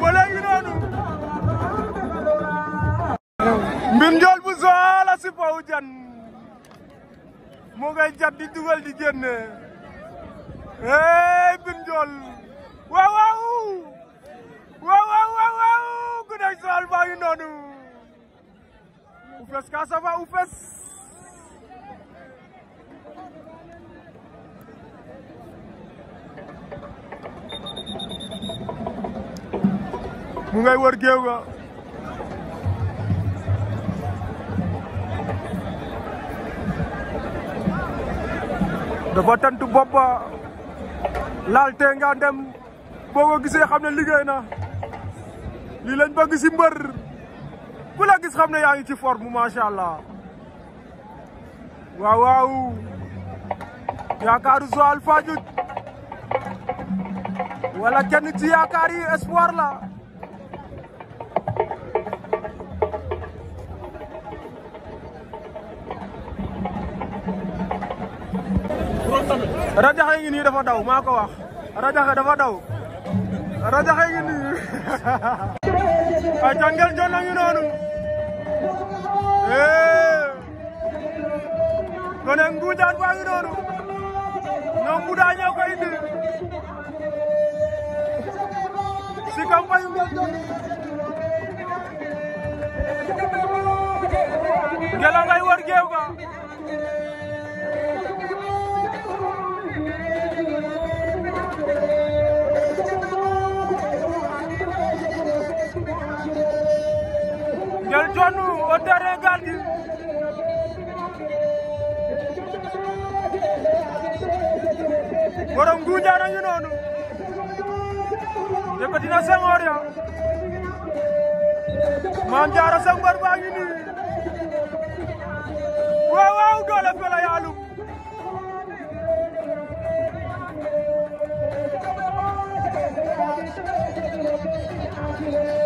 boole ngi noonu mbir bu soola si fawu jan mu ngay jat di dugal di génne hey mbir njool waaw waaw sool baa ngi noonu u fes ka safa u fes Mungai ngay wër géew ga dafa tantu bopp ba dem bawa kisah kami xam ne na Lilan bagi simbar. si kisah kami yang itu form, masya allah Wow, waaw yaakaaru Joal Fadiouth wala kenn ci yaakaar espoir rajaxe ngi nii dafa daw ma ko wax rajaxe dafa daw rajaxe ngi nii ay cangel jon na ngi noonu ee eh. gone baa ngi noonu ñoom bu daa ñoo si campagne ngel jon ngela ngay John au terrain gardé. borom Guundiane a ngi noonu. yëkkati na Senghor ya. Maam Jaara Senghor baa ngi nii. waaw waaw doole fële yaalum. Thank you.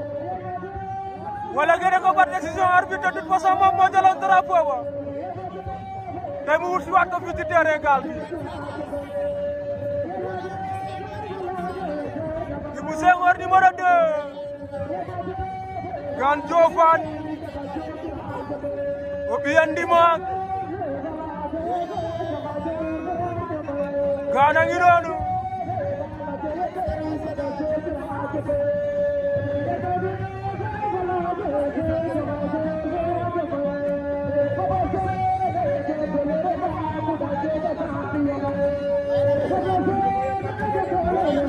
wala nga ko par décision arbitre de terapu, façon moom moo drapeau ba tey mu wut si waat ko fii ci terrain bi Obian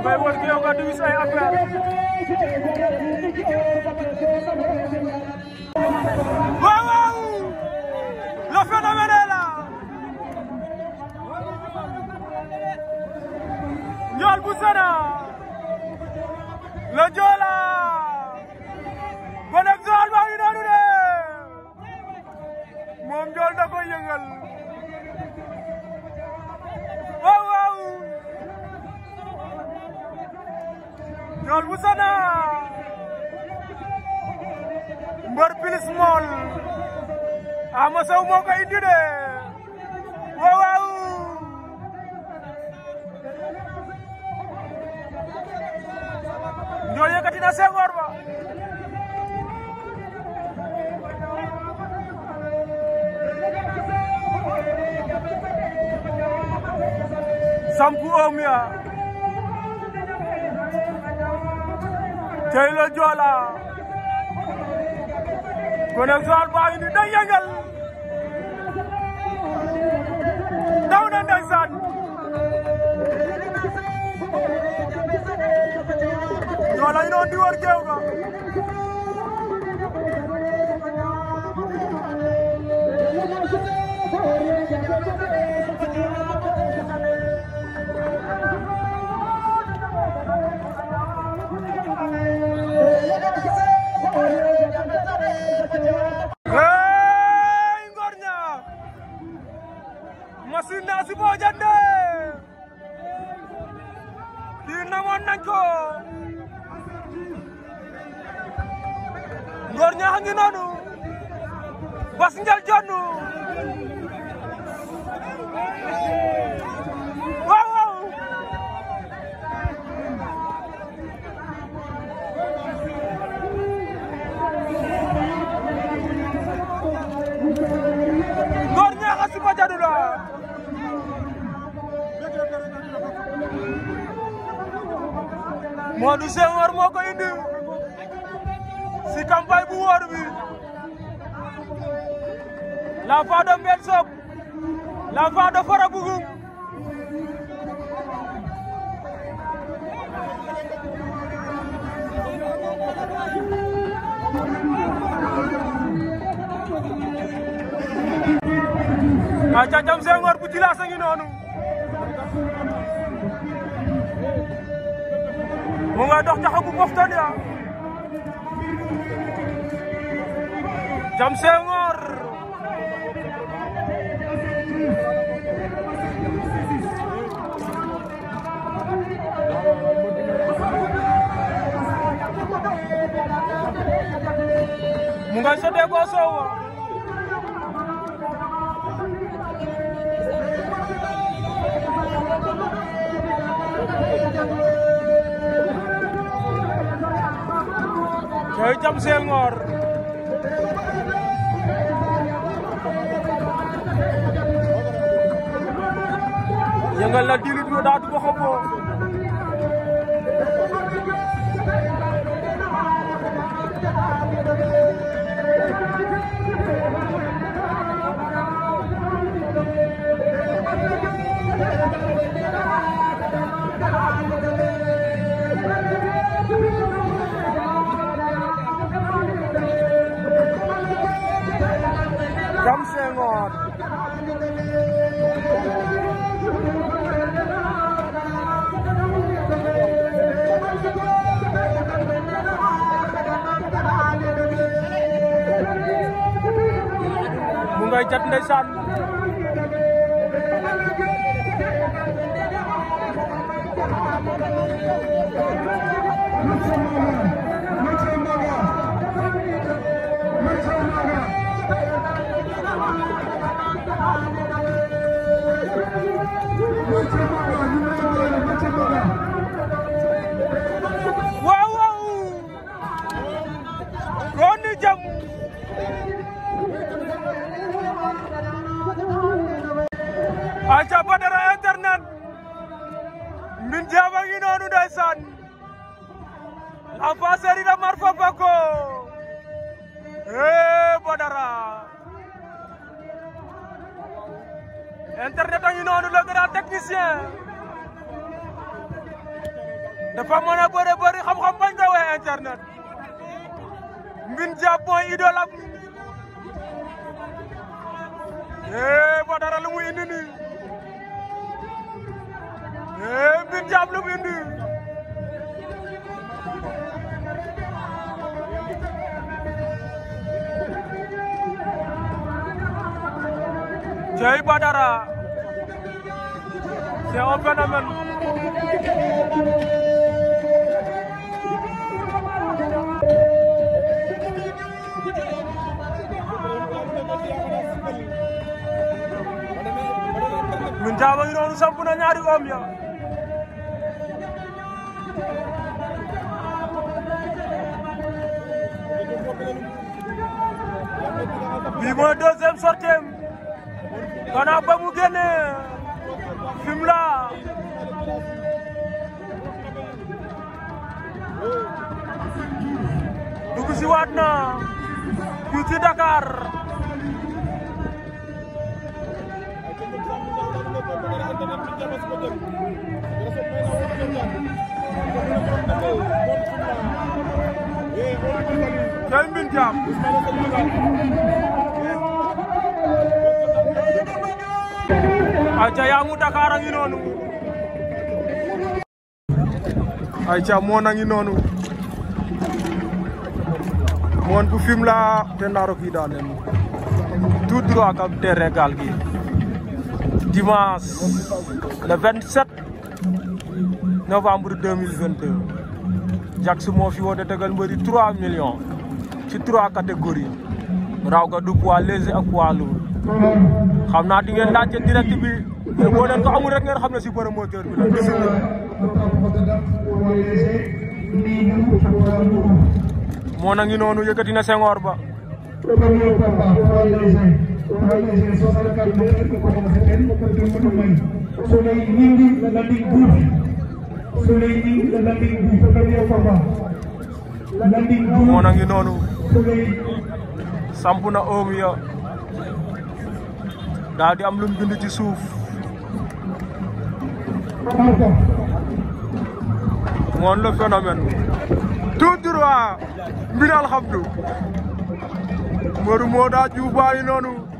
Mbay woon ki yow nga duwis ay affaire Ndiol yëkkati na Senghor ba sampu oom ya tey la Joola Connection baa ngi ni day yëngal daw na man, I don't do what girl. l'enfant de Mbensop l'enfant de Farabougou a cacam Senghor bu jilaas ngi noonu mu nga dox taxa bu poftan ya cam Senghor mu ngay sotee ko soowo cooy jam seel ngoor yëngal la dilit lu daa du ko गमस ngay Thank you. ee eh, Badara lu mu indi ee eh, Mbine Thiam mu indi cey Badara c'est un ñun jaaba ngi ñaari oom bii mooy deuxième sortie am gannaaw ba mu la Sey Mbine Thiam aca Yangou Dakar a ngi noonu aca moon a noonu moon bu Fimela ten na rokiida nen tout droit kam terrain Gaal Gui dimanche le 27 novembre 2022 Jax moo fi woote tegal mbëri 3 millions ci 3 catégories raw ga du poids léger ak poids lourd xam naa di ngeen laajte direct bi mais boo leen ko amul rek ngeen moo ne si bi la moo na ngi noonu yëkkati na sengoor ba su lay di landing na oom ya daal am lu mu bind ci suuf moon le phénomène tout droit mbir alhamdu Modou Moda Diouf baa noonu